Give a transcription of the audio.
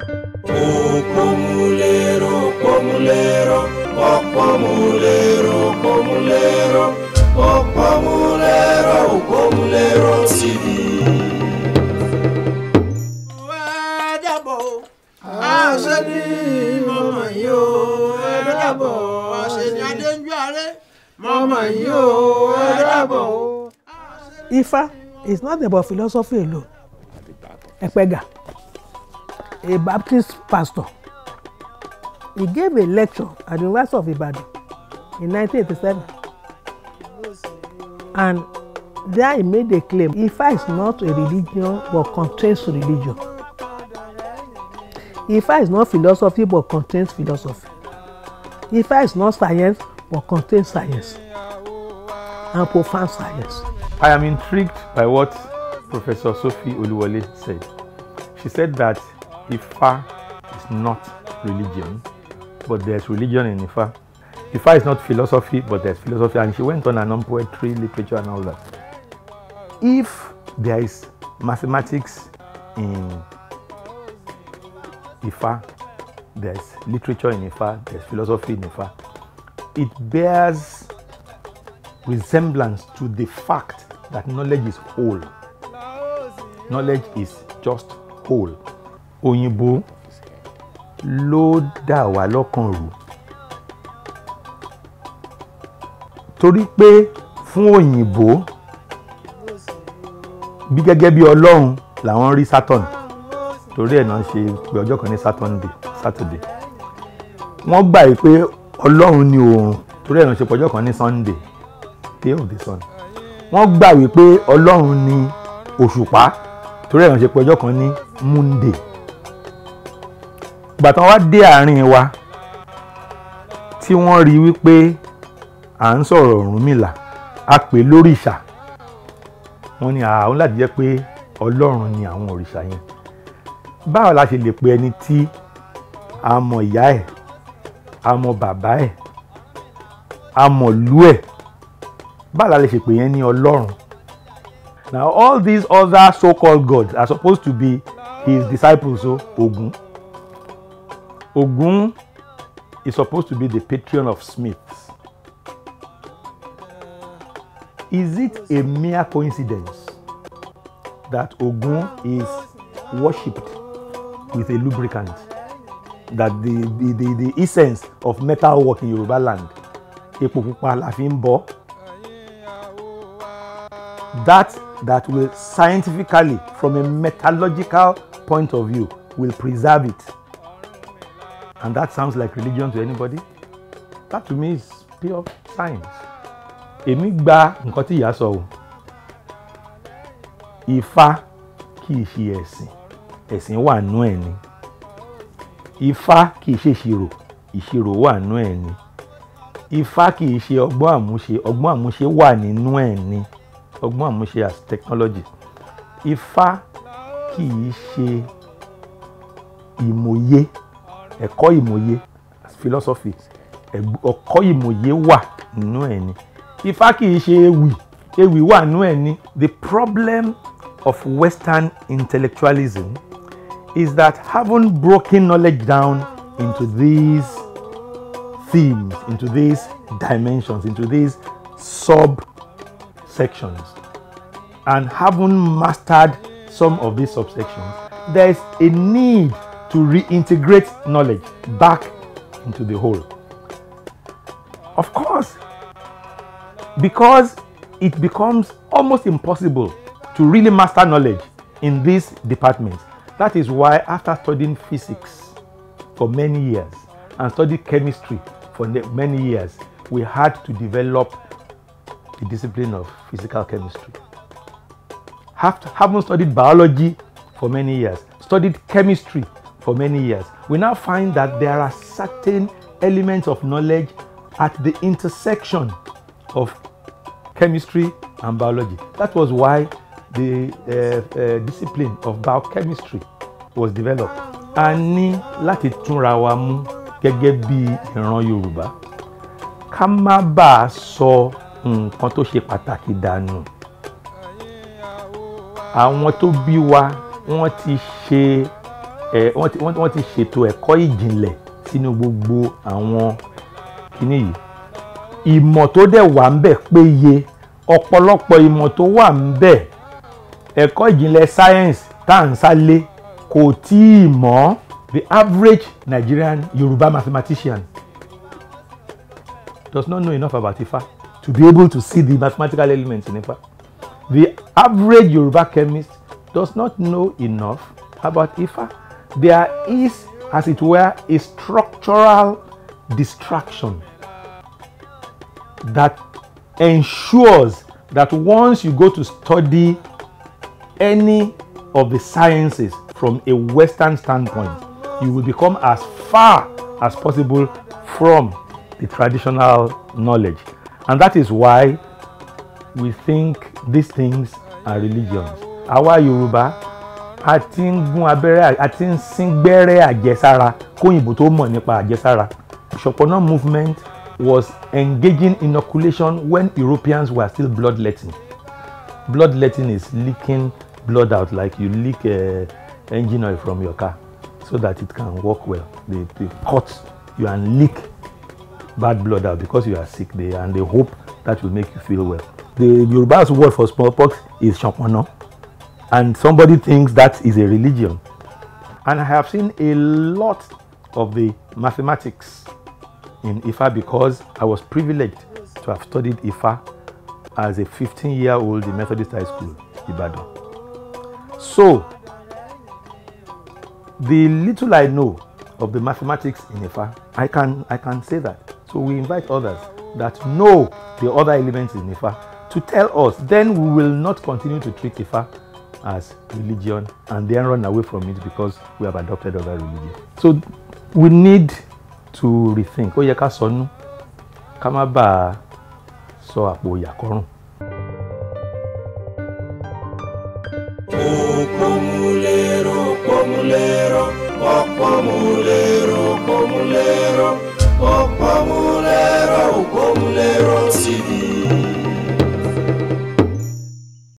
Opomulero, pomulero, opomulero, pomulero, opomulero, opomulero TV. Ẹ dàbọ̀, ah, àṣẹ ni mọ̀mọ́ yìí o, ẹ dàbọ̀, àṣẹ ni adé ń ju àárẹ̀, mọ̀mọ́ yìí o, ẹ dàbọ̀. Ifá is not about philosophy alone. Ẹ̀pẹ̀gà a Baptist pastor. He gave a lecture at the University of Ibadan in 1987. And there he made a claim, Ifa is not a religion but contains religion. Ifa is not philosophy but contains philosophy. Ifa is not science but contains science and profound science. I am intrigued by what Professor Sophie Oluwole said. She said that Ifa is not religion, but there's religion in Ifa. Ifa is not philosophy, but there's philosophy. And she went on and on poetry, literature, and all that. If there is mathematics in Ifa, there's literature in Ifa, there's philosophy in Ifa, it bears resemblance to the fact that knowledge is whole. Knowledge is just whole. òyìnbó ló dà wá lọ́kàn rú torí pé fún òyìnbó bí gẹ́gẹ́ bí ọlọ́run làwọn rí Saturn torí ẹ̀ náà ṣe pé ọjọ́ kan ní Saturday Saturday wọ́n gbà yìí pé ọlọ́run ni oòrùn torí ẹ̀ náà ṣe pé ọjọ́ kan ní Sunday day of the sun wọ́n gbà wípé ọlọ́run ni òṣùpá torí ẹ̀ náà ṣe pé ọjọ́ kan ní Monday ìgbà tí wọ́n wá dé àárín wa tí wọ́n rí wípé à ń sọ̀rọ̀ Ọ̀rúnmìlà a pè lórí ìṣà wọ́n ní àwọn láti jẹ́ pé Ọlọ́run ni àwọn òrìṣà yẹn báwo la ṣe lè pe ẹni tí a mọ̀ ìyá ẹ̀ a mọ̀ bàbá ẹ̀ a mọ̀ ìlú ẹ̀ báwo la lè ṣe pè yẹn ní Ọlọ́run now all these other so-called gods are supposed to be his disciples o Ògún. So, Ogun is supposed to be the patron of smiths. Is it a mere coincidence that Ogun is worshipped with a lubricant? That the, the, the, the essence of metal work in Yoruba land, That that will scientifically, from a metallurgical point of view, will preserve it. And that sounds like religion to anybody. That to me is pure science. Èmi gba nǹkan tí ìyá sọ o. Ifá kì ṣe ẹ̀sìn. Ẹ̀sìn wà nú ẹ̀ ni. Ifá kì í ṣe ìṣirò. Ìṣirò wà nú ẹ̀ ni. Ifá kì í ṣe ọgbọ́n àmúṣe. Ọgbọ́n àmúṣe wà nínú ẹ̀ ni. Ọgbọ́n àmúṣe as technology. Ifá kì í ṣe ìmòye. ẹ̀kọ́ ìmọ̀ye philosophy ẹ̀kọ́ ìmọ̀ye wà nínú ẹ̀ ni ifá kì ṣe ewì ewì wà nínú ẹ̀ ni the problem of western intellectualism is that having broken knowledge down into these themes into these dimensions into these sub sections, and having mastered some of these subsections there is a need to reintegrate knowledge back into the whole. Of course, because it becomes almost impossible to really master knowledge in these departments. That is why, after studying physics for many years and studied chemistry for many years, we had to develop the discipline of physical chemistry. Have to, haven't studied biology for many years, studied chemistry for many years, we now find that there are certain elements of knowledge at the intersection of chemistry and biology. That was why the uh, uh, discipline of biochemistry was developed. A ní láti túnra wa mú gẹ́gẹ́ bí ìran Yorùbá ká má bàa sọ nǹkan tó ṣe pàtàkì dànù. Àwọn tó bí wa wọ́n ti ṣe Eh, wọ́n ti ṣètò ẹ̀kọ́ ìjìnlẹ̀ sínú gbogbo àwọn kinní yìí ìmọ̀ tó dẹ̀ wà ń bẹ̀ péye ọ̀pọ̀lọpọ̀ ìmọ̀ tó wà ń bẹ̀ ẹ̀kọ́ ìjìnlẹ̀ science tá à ń sálé kò tí ì mọ̀ the average Nigerian Yoruba mathematician does not know enough about Ifa to be able to see the mathematical elements in Ifa the average Yoruba chemist does not know enough about Ifa there is, as it were, a structural distraction that ensures that once you go to study any of the sciences from a Western standpoint, you will become as far as possible from the traditional knowledge. And that is why we think these things are religions. Our Yoruba I think ń gún abẹ́rẹ́ a ti gbẹ́rẹ́ àjẹsára kóyìnbó tó mọ̀ nípa àjẹsára ṣọ̀pọ̀nná movement was engaging inoculation when Europeans were still bloodletting bloodletting is leaking blood out like you leak eh, engine oil from your car so that it can work well they they cut you and leak bad blood out because you are sick there, and they hope that will make you feel well the Yoruba's word for smallpox is ṣọ̀pọ̀nná and somebody thinks that is a religion. And I have seen a lot of the mathematics in IFA because I was privileged to have studied IFA as a 15 year old in Methodist High School, Ibadan. So, the little I know of the mathematics in IFA, I can, I can say that. So, we invite others that know the other elements in IFA to tell us, then we will not continue to treat IFA as religion and then run away from it because we have adopted other religion. So we need to rethink ó yẹ ká sọnù ká má bàa sọ àpò ìyàkọ́rùn.